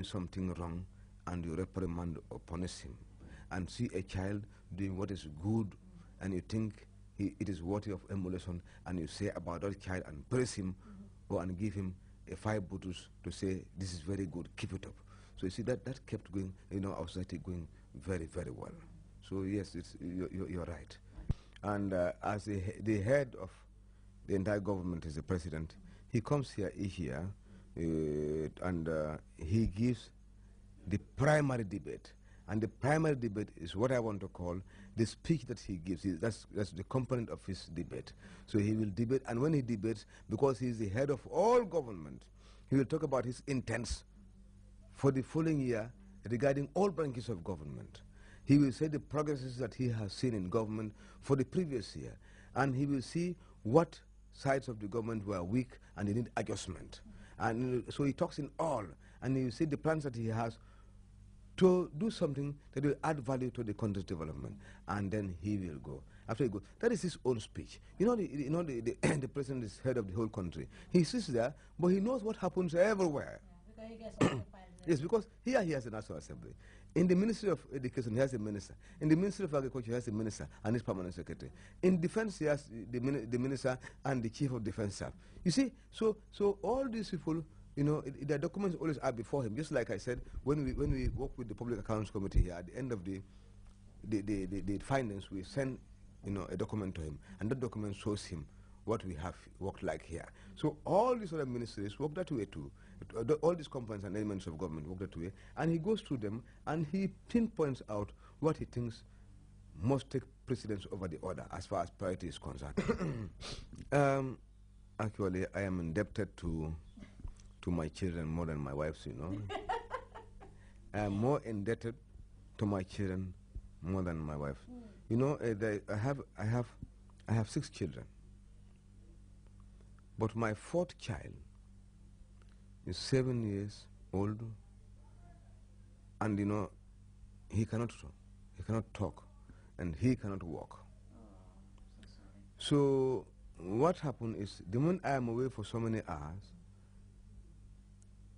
something wrong and you reprimand or punish him and see a child doing what is good and you think he, it is worthy of emulation and you say about that child and praise him mm -hmm. or and give him a five bottles to say this is very good keep it up so you see that that kept going you know our society going very very well so yes it's you're, you're right and uh, as the head of the entire government is the president he comes here each year uh, and uh, he gives the primary debate. And the primary debate is what I want to call the speech that he gives. He, that's, that's the component of his debate. So he will debate, and when he debates, because he is the head of all government, he will talk about his intents for the following year regarding all branches of government. He will say the progresses that he has seen in government for the previous year, and he will see what sides of the government were weak and they need adjustment. And so he talks in all. And you see the plans that he has to do something that will add value to the country's development. And then he will go. After he goes, that is his own speech. You know, the, you know the, the, the president is head of the whole country. He sits there, but he knows what happens everywhere. Yeah, Yes, because here he has a National Assembly. In the Ministry of Education, he has a minister. In the Ministry of Agriculture, he has a minister and his permanent secretary. In defense, he has the, the minister and the chief of defense staff. You see, so, so all these people you know, it, documents always are before him. Just like I said, when we when we work with the Public Accounts Committee here, at the end of the the, the, the, the findings, we send you know a document to him, and that document shows him what we have worked like here. So all these other ministries work that way too all these components and elements of government work that way, and he goes through them and he pinpoints out what he thinks must take precedence over the other as far as priority is concerned. um, actually, I am indebted to to my children more than my wife's, you know. I am more indebted to my children more than my wife. Mm. You know, uh, they, I have I have I have six children, but my fourth child He's seven years old, and you know, he cannot, he cannot talk, and he cannot walk. so, so what happened is, the moment I am away for so many hours,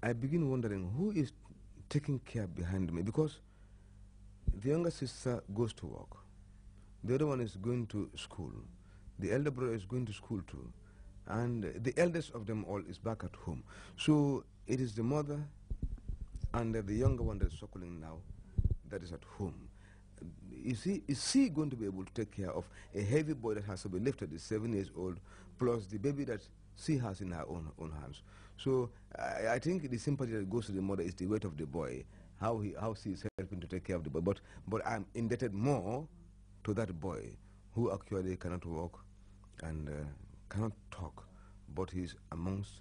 I begin wondering who is taking care behind me because the younger sister goes to work, the other one is going to school, the elder brother is going to school too. And the eldest of them all is back at home. So it is the mother and the younger one that's suckling now that is at home. Is he, is he going to be able to take care of a heavy boy that has to be lifted, is seven years old, plus the baby that she has in her own, own hands? So I, I think the sympathy that goes to the mother is the weight of the boy, how, he, how she is helping to take care of the boy. But, but I'm indebted more to that boy who actually cannot walk and uh, cannot talk, but he's amongst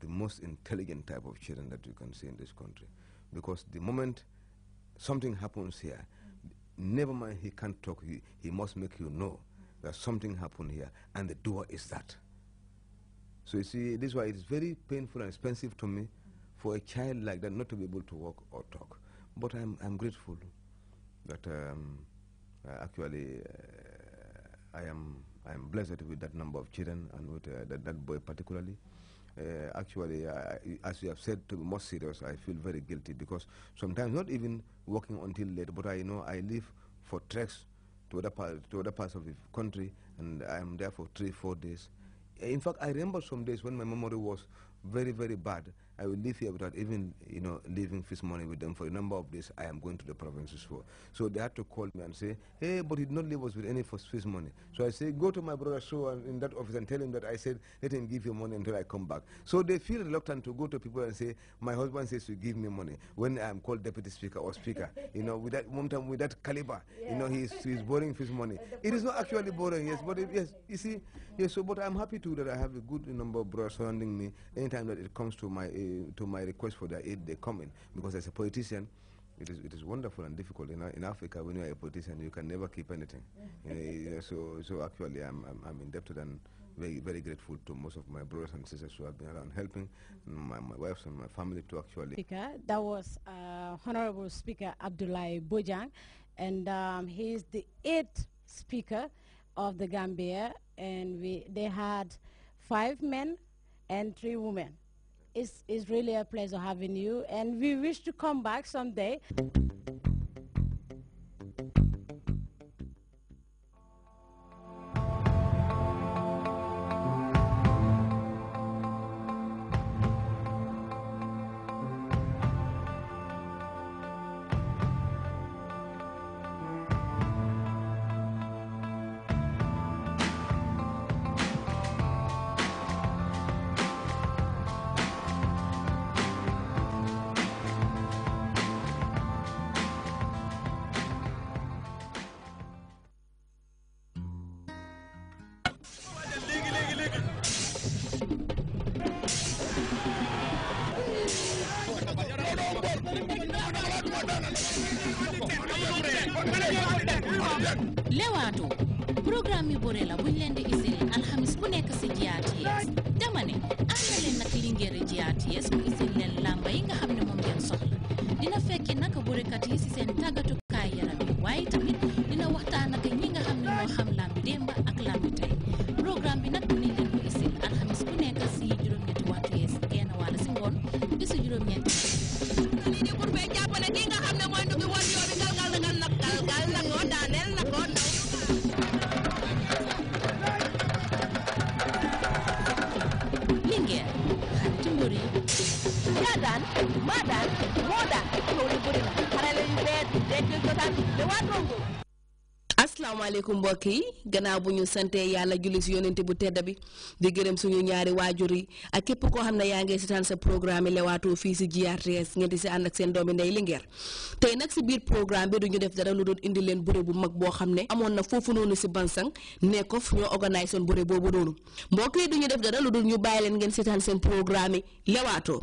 the most intelligent type of children that you can see in this country. Because the moment something happens here, never mind he can't talk, he, he must make you know that something happened here, and the door is that. So you see, this is why it's very painful and expensive to me for a child like that not to be able to walk or talk. But I'm, I'm grateful that um, uh, actually uh, I am I'm blessed with that number of children and with uh, that, that, boy particularly. Uh, actually, uh, as you have said, to be more serious, I feel very guilty because sometimes not even working until late, but I know I live for treks to other, to other parts of the country and I'm there for three, four days. In fact, I remember some days when my memory was very, very bad I will live here without even, you know, leaving this money with them for a number of days I am going to the provinces for. So they had to call me and say, hey, but he did not leave us with any Swiss money. So I say, go to my brother so in that office and tell him that I said, let him give you money until I come back. So they feel reluctant to go to people and say, my husband says to give me money when I am called deputy speaker or speaker. you know, with that, time with that caliber, yeah. you know, he's, he's borrowing his money. It is not actually borrowing, yes, but it, yes, you see, yes, so, but I'm happy too that I have a good number of brothers surrounding me anytime that it comes to my age to my request for their aid, they come in. Because as a politician, it is, it is wonderful and difficult. In, in Africa, when you are a politician, you can never keep anything. you know, so, so actually, I'm, I'm, I'm indebted and very, very grateful to most of my brothers and sisters who have been around helping, my, my wife and my family To actually. Speaker, that was uh, Honorable Speaker Abdullahi Bojang, and um, he is the eighth speaker of the Gambia, and we, they had five men and three women. It's, it's really a pleasure having you, and we wish to come back someday. programme yu bëre la buñ leen di isil alxamis bu nekk si GRTS dama ne ànd leen nag Linguère GRTS mu isil leen làmba yi nga xam ne moom ngeen soxla dina fekki naka bërekat yi si seen tàggatukaay yaram yi waaye tamit dina waxtaan ak ñi nga xam ne ñoo xam làmbi démb ak làmbi tey programme bi nag dinañ leen ko isil alxamis bu nekk si juróom-ñetti waxtu yees genn wàll si ngoon bi juróom-ñetti asalaamaaleykum mbokk yi gannaaw bu ñu sante yàlla julli si yonente bu tedda bi di gërëm suñu ñaari waajur yi ak képp koo xam ne yaa ngi seetaan sa programme yi lewaatoo fii si GRTS ngeen di si ànd seen doom doomi ndey Linguère tey nag si biir programme bi duñu def dara lu doon indi leen bëre bu mag boo xam ne amoon na foofu noonu si Bansang nekkof ñoo organise woon bëre boobu noonu mbokk yi duñu def dara lu dul ñu bàyyi leen ngeen seetaan seen programme yi lewaatoo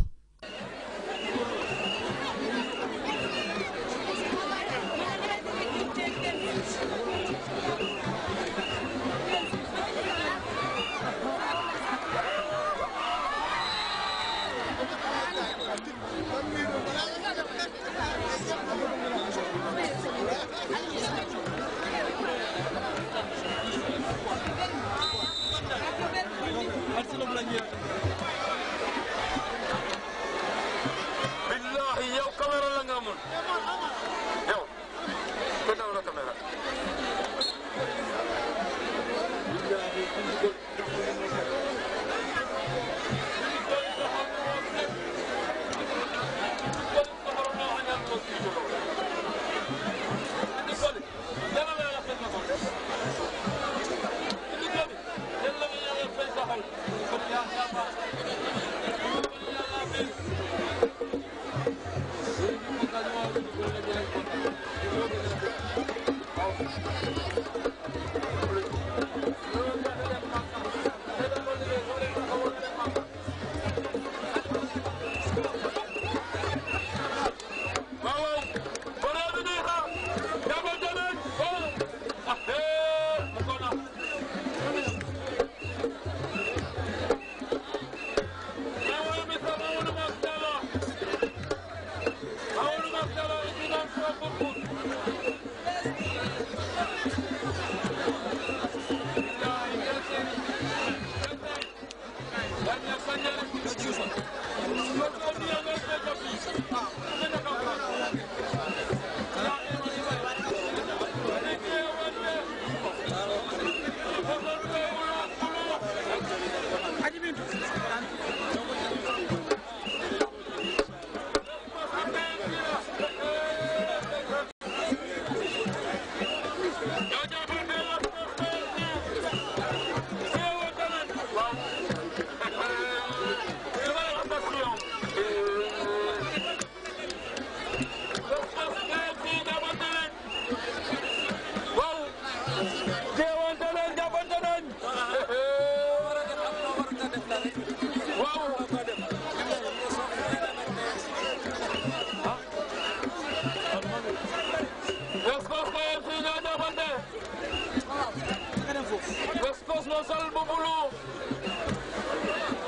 boulot.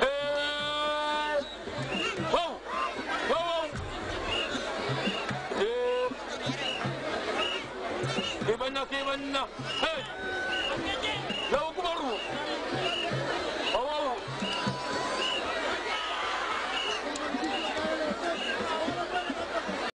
Euh, oh, oh. Euh. Hey!